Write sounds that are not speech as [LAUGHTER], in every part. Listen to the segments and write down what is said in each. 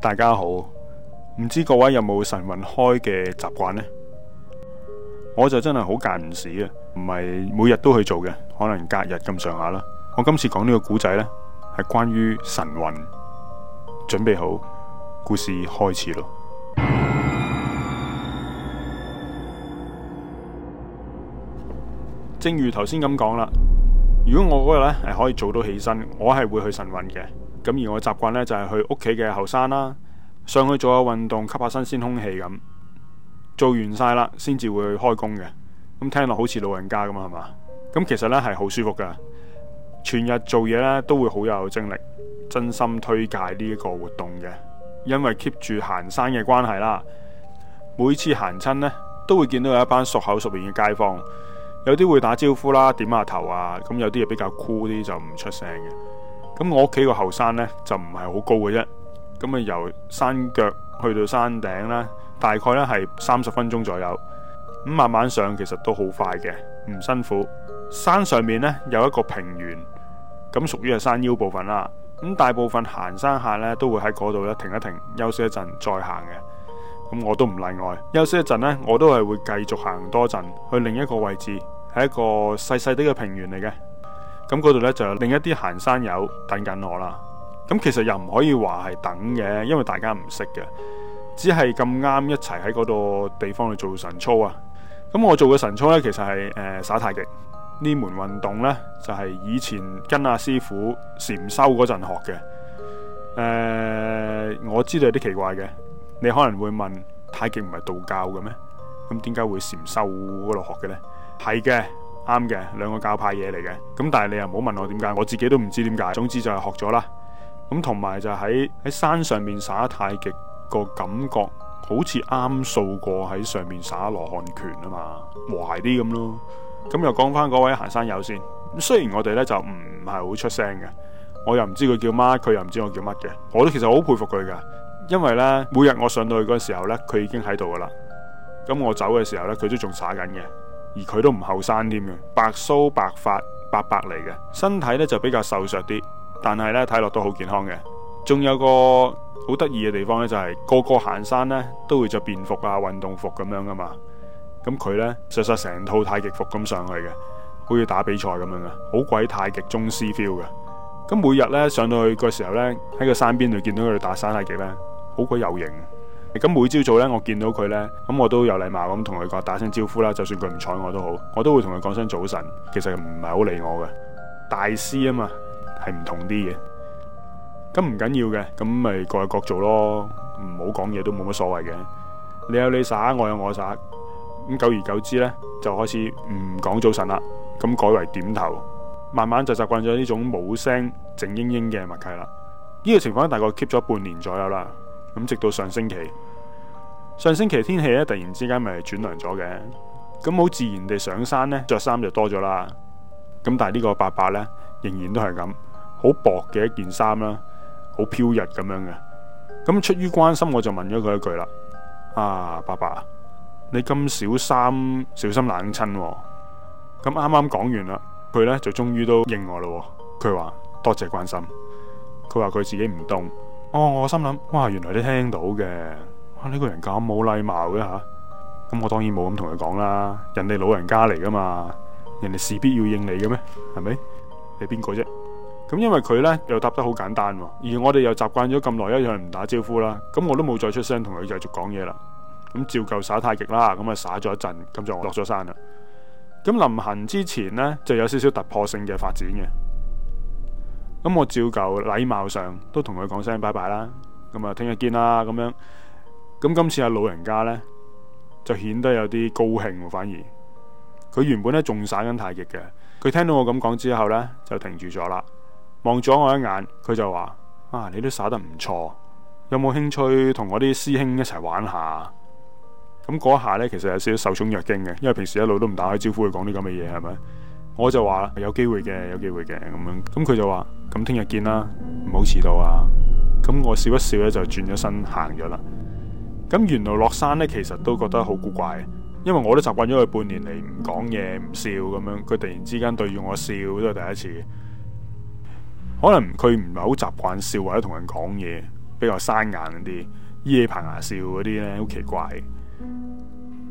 大家好，唔知各位有冇晨運開嘅習慣呢？我就真係好間唔時嘅，唔係每日都去做嘅，可能隔日咁上下啦。我今次講呢個古仔呢，係關於晨運。準備好，故事開始咯。 [MUSIC] 正如頭先咁講啦，如果我嗰日呢係可以做到起身，我係會去晨運嘅。咁而我習慣咧就係去屋企嘅後山啦，上去做下運動，吸下新鮮空氣咁，做完晒啦，先至會開工嘅。咁聽落好似老人家咁啊，係嘛？咁其實咧係好舒服噶，全日做嘢咧都會好有精力。真心推介呢個活動嘅，因為 keep 住行山嘅關係啦，每次行親呢，都會見到有一班熟口熟面嘅街坊，有啲會打招呼啦，點下頭啊，咁有啲嘢比較酷啲就唔出聲嘅。咁我屋企個後山呢，就唔係好高嘅啫，咁啊由山腳去到山頂啦，大概呢係三十分鐘左右，咁慢慢上其實都好快嘅，唔辛苦。山上面呢，有一個平原，咁屬於係山腰部分啦。咁大部分行山客呢，都會喺嗰度呢停一停，休息一陣再行嘅，咁我都唔例外。休息一陣呢，我都係會繼續行多陣去另一個位置，係一個細細啲嘅平原嚟嘅。咁嗰度咧就有另一啲行山友等緊我啦。咁其實又唔可以話係等嘅，因為大家唔識嘅，只係咁啱一齊喺嗰度地方去做晨操啊。咁我做嘅晨操咧，其實係誒、呃、耍太極呢門運動咧，就係、是、以前跟阿師傅禪修嗰陣學嘅。誒、呃，我知道有啲奇怪嘅，你可能會問太極唔係道教嘅咩？咁點解會禪修嗰度學嘅咧？係嘅。啱嘅，兩個教派嘢嚟嘅，咁但係你又唔好問我點解，我自己都唔知點解。總之就係學咗啦，咁同埋就喺喺山上面耍太極個感覺，好似啱數過喺上面耍羅漢拳啊嘛，和諧啲咁咯。咁又講翻嗰位行山友先，雖然我哋咧就唔係好出聲嘅，我又唔知佢叫媽，佢又唔知我叫乜嘅，我都其實好佩服佢噶，因為咧每日我上到去嗰時候咧，佢已經喺度噶啦，咁我走嘅時候咧，佢都仲耍緊嘅。而佢都唔後生添嘅，白鬚白髮，白白嚟嘅，身體咧就比較瘦削啲，但係咧睇落都好健康嘅。仲有個好得意嘅地方咧，就是，就係個個行山咧都會着便服啊，運動服咁樣噶嘛。咁佢咧著晒成套太極服咁上去嘅，好似打比賽咁樣嘅，好鬼太極宗師 feel 嘅。咁每日咧上到去個時候咧，喺個山邊度見到佢哋打山太極咧，好鬼有型。咁每朝早咧，我見到佢咧，咁我都有禮貌咁同佢講打聲招呼啦。就算佢唔睬我都好，我都會同佢講聲早晨。其實唔係好理我嘅大師啊嘛，係唔同啲嘅。咁唔緊要嘅，咁咪各有各做咯，唔好講嘢都冇乜所謂嘅。你有你耍，我有我耍。咁久而久之咧，就開始唔講早晨啦，咁改為點頭。慢慢就習慣咗呢種冇聲靜英英嘅默契啦。呢、這個情況大概 keep 咗半年左右啦。咁直到上星期。上星期天氣咧，突然之間咪轉涼咗嘅，咁好自然地上山咧，着衫就多咗啦。咁但係呢個伯伯咧，仍然都係咁好薄嘅一件衫啦，好飄逸咁樣嘅。咁出於關心，我就問咗佢一句啦：啊伯伯，你咁少衫，小心冷親哦。咁啱啱講完啦，佢咧就終於都應我啦。佢話多謝關心，佢話佢自己唔凍。哦，我我心諗，哇，原來你聽到嘅。啊！呢個人咁冇禮貌嘅吓，咁我當然冇咁同佢講啦。人哋老人家嚟噶嘛，人哋事必要應你嘅咩？係咪？你邊個啫？咁因為佢呢又答得好簡單，而我哋又習慣咗咁耐，一樣唔打招呼啦。咁我都冇再出聲，同佢繼續講嘢啦。咁照舊耍太極啦，咁啊耍咗一陣，咁就落咗山啦。咁臨行之前呢，就有少少突破性嘅發展嘅。咁我照舊禮貌上都同佢講聲拜拜啦。咁啊，聽日見啦，咁樣。咁今次阿老人家呢，就顯得有啲高興，反而佢原本呢仲耍緊太極嘅。佢聽到我咁講之後呢，就停住咗啦，望咗我一眼，佢就話：啊，你都耍得唔錯，有冇興趣同我啲師兄一齊玩一下？咁嗰下呢，其實有少少受寵若驚嘅，因為平時一路都唔打開招呼，佢講啲咁嘅嘢係咪？我就話有機會嘅，有機會嘅咁樣。咁佢就話：咁聽日見啦，唔好遲到啊。咁我笑一笑呢，就轉咗身行咗啦。咁原來落山呢，其實都覺得好古怪，因為我都習慣咗佢半年嚟唔講嘢唔笑咁樣，佢突然之間對住我笑都係第一次。可能佢唔係好習慣笑或者同人講嘢，比較生硬啲，依起棚牙笑嗰啲呢，好奇怪。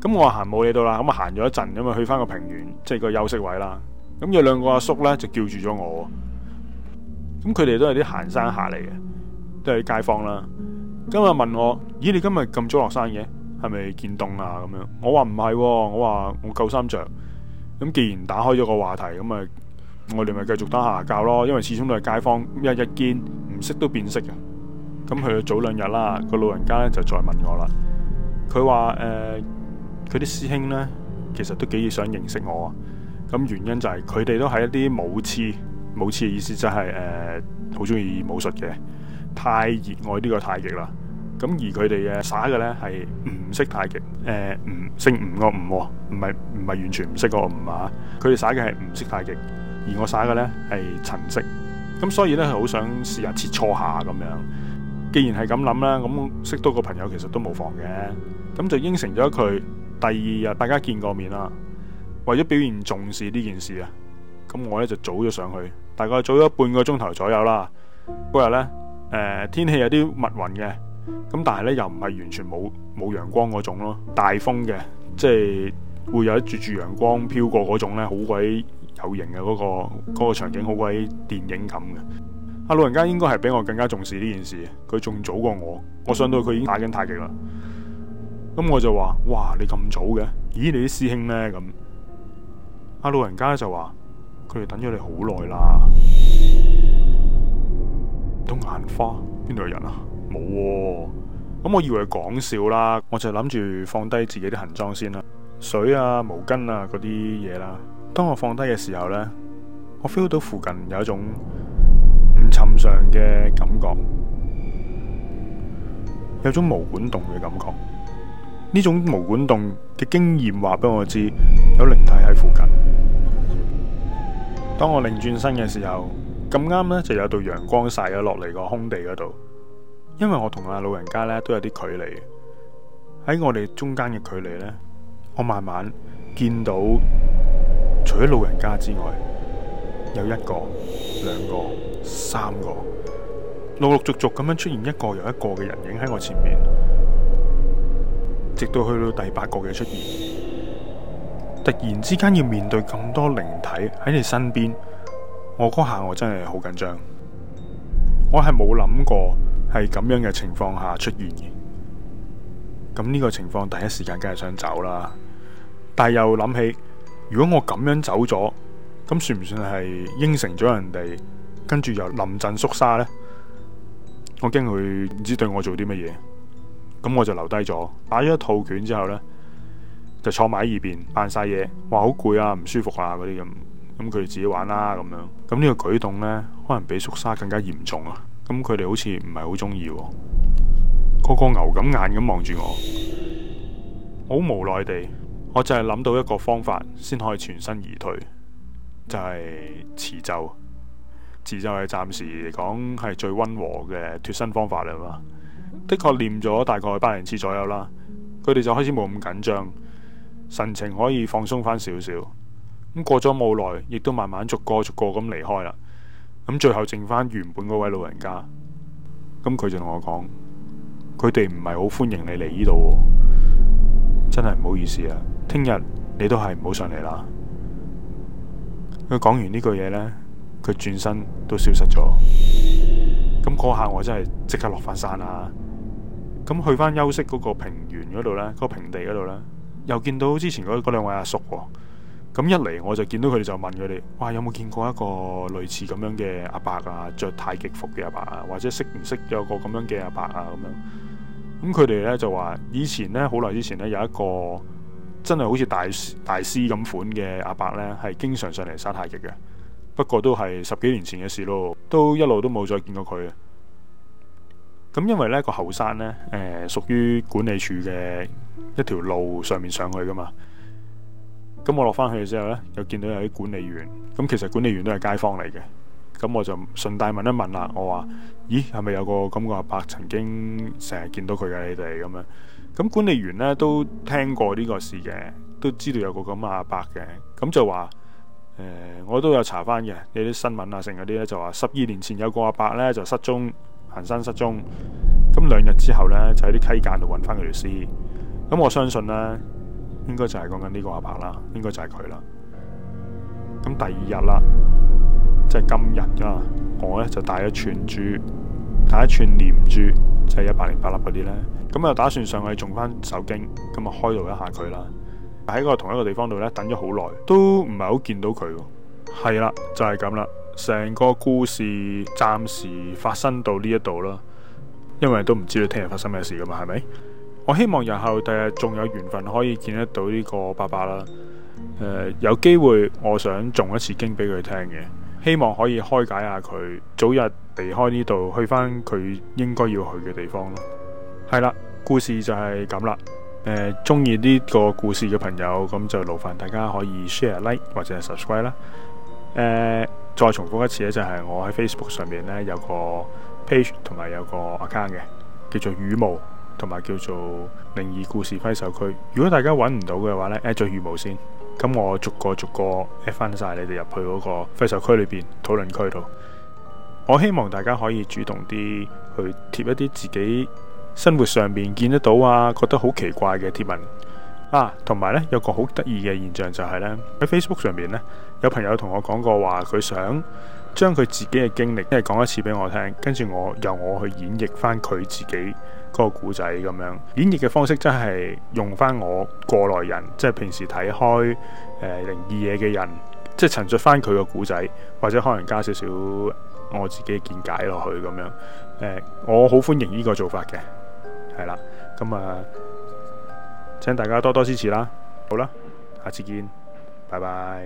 咁、嗯、我行冇嘢到啦，咁啊行咗一陣，咁啊去翻個平原，即係個休息位啦。咁有兩個阿叔呢，就叫住咗我，咁佢哋都係啲行山客嚟嘅，都係街坊啦。今日問我。咦，你今日咁早落山嘅，係咪見凍啊？咁樣我話唔係，我話、哦、我夠衫着。咁既然打開咗個話題，咁啊，我哋咪繼續打下教咯。因為始終都係街坊，日日見唔識都變識嘅。咁去咗早兩日啦，個老人家咧就再問我啦。佢話誒，佢、呃、啲師兄咧其實都幾想認識我。咁原因就係佢哋都係一啲武痴，武痴嘅意思就係、是、誒，好中意武術嘅，太熱愛呢個太極啦。咁而佢哋嘅耍嘅咧，係吳式太極誒，姓吳個吳唔係，唔係完全唔識嗰個唔啊。佢哋耍嘅係吳式太極，而我耍嘅咧係陳式。咁所以咧，好想試下切磋下咁樣。既然係咁諗啦，咁識多個朋友其實都無妨嘅。咁就應承咗佢。第二日大家見過面啦，為咗表現重視呢件事啊，咁我咧就早咗上去，大概早咗半個鐘頭左右啦。嗰日咧誒，天氣有啲密雲嘅。咁但係咧又唔係完全冇冇陽光嗰種咯，大風嘅，即係會有一柱柱陽光飄過嗰種咧，好鬼有型嘅嗰個嗰個場景，好鬼電影感嘅。阿老人家應該係比我更加重視呢件事，佢仲早過我，我上到佢已經打緊太極啦。咁我就話：哇，你咁早嘅？咦，你啲師兄咧？咁，阿老人家就話：佢哋等咗你好耐啦，都眼花，邊度有人啊？冇、啊，咁我以為講笑啦，我就諗住放低自己啲行裝先啦，水啊、毛巾啊嗰啲嘢啦。當我放低嘅時候呢，我 feel 到附近有一種唔尋常嘅感覺，有種毛管戙嘅感覺。呢種毛管戙嘅經驗話俾我知，有靈體喺附近。當我擰轉身嘅時候，咁啱呢就有道陽光曬咗落嚟個空地嗰度。因為我同阿老人家咧都有啲距離，喺我哋中間嘅距離呢，我慢慢見到除咗老人家之外，有一個、兩個、三個，陸陸續續咁樣出現一個又一個嘅人影喺我前面，直到去到第八個嘅出現，突然之間要面對咁多靈體喺你身邊，我嗰下我真係好緊張，我係冇諗過。係咁樣嘅情況下出現嘅，咁呢個情況第一時間梗係想走啦但想，但係又諗起如果我咁樣走咗，咁算唔算係應承咗人哋，跟住又臨陣縮沙呢？我驚佢唔知對我做啲乜嘢，咁我就留低咗，擺咗一套拳之後呢，就坐埋喺二邊扮晒嘢，話好攰啊，唔舒服啊嗰啲咁，咁佢哋自己玩啦、啊、咁樣，咁呢個舉動呢，可能比縮沙更加嚴重啊！咁佢哋好似唔係好中意，個個牛咁眼咁望住我，好無奈地，我就係諗到一個方法先可以全身而退，就係持咒。持咒係暫時嚟講係最溫和嘅脫身方法嚟嘛。的確念咗大概百零次左右啦，佢哋就開始冇咁緊張，神情可以放鬆翻少少。咁過咗冇耐，亦都慢慢逐個逐個咁離開啦。咁最後剩翻原本嗰位老人家，咁佢就同我講：佢哋唔係好歡迎你嚟呢度，真係唔好意思啊！聽日你都係唔好上嚟啦。佢講完呢句嘢呢，佢轉身都消失咗。咁嗰下我真係即刻落返山啦。咁去返休息嗰個平原嗰度呢，個平地嗰度呢，又見到之前嗰嗰兩位阿叔。咁一嚟我就見到佢哋就問佢哋：，哇，有冇見過一個類似咁樣嘅阿伯啊，着太極服嘅阿伯啊，或者認認識唔識有個咁樣嘅阿伯啊咁樣？咁佢哋咧就話：以前咧好耐之前咧有一個真係好似大大師咁款嘅阿伯咧，係經常上嚟耍太極嘅。不過都係十幾年前嘅事咯，都一路都冇再見過佢。咁因為呢個後山咧，誒屬於管理處嘅一條路上面上去噶嘛。咁我落翻去之後呢，又見到有啲管理員，咁其實管理員都係街坊嚟嘅，咁我就順帶問一問啦，我話：咦，係咪有個咁個阿伯曾經成日見到佢嘅？你哋咁樣？咁管理員呢，都聽過呢個事嘅，都知道有個咁阿伯嘅，咁就話：誒、呃，我都有查翻嘅，你有啲新聞啊，成日啲咧就話，十二年前有個阿伯呢就失蹤，行山失蹤，咁兩日之後呢，就喺啲溪澗度揾翻佢條屍，咁我相信呢。應該就係講緊呢個阿伯啦，應該就係佢啦。咁第二日啦，即係今日啊，我呢就帶咗串珠，帶一串念珠，就係一百零八粒嗰啲呢。咁啊，打算上去種翻首經，咁啊開導一下佢啦。喺個同一個地方度呢，等咗好耐，都唔係好見到佢。係啦，就係咁啦。成個故事暫時發生到呢一度啦，因為都唔知道聽日發生咩事噶嘛，係咪？我希望日後第日仲有緣分可以見得到呢個伯伯啦，誒、呃，有機會我想誦一次經俾佢聽嘅，希望可以開解一下佢，早日離開呢度去翻佢應該要去嘅地方咯。係啦，故事就係咁啦，誒、呃，中意呢個故事嘅朋友咁就勞煩大家可以 share like 或者係 subscribe 啦。誒、呃，再重複一次咧，就係我喺 Facebook 上面咧有個 page 同埋有個 account 嘅，叫做雨巫。同埋叫做靈異故事揮手區。如果大家揾唔到嘅話呢 at 咗雨巫先。咁我逐個逐個 at 翻晒你哋入去嗰個揮手區裏邊討論區度。我希望大家可以主動啲去貼一啲自己生活上面見得到啊，覺得好奇怪嘅貼文啊。同埋呢，有個好得意嘅現象就係呢：喺 Facebook 上面呢，有朋友同我講過話，佢想將佢自己嘅經歷即係講一次俾我聽，跟住我由我去演繹翻佢自己。那個古仔咁樣演繹嘅方式，真係用翻我過來人，即係平時睇開誒、呃、靈異嘢嘅人，即係陳述翻佢個古仔，或者可能加少少我自己嘅見解落去咁樣。呃、我好歡迎呢個做法嘅，係啦。咁啊、呃，請大家多多支持啦。好啦，下次見，拜拜。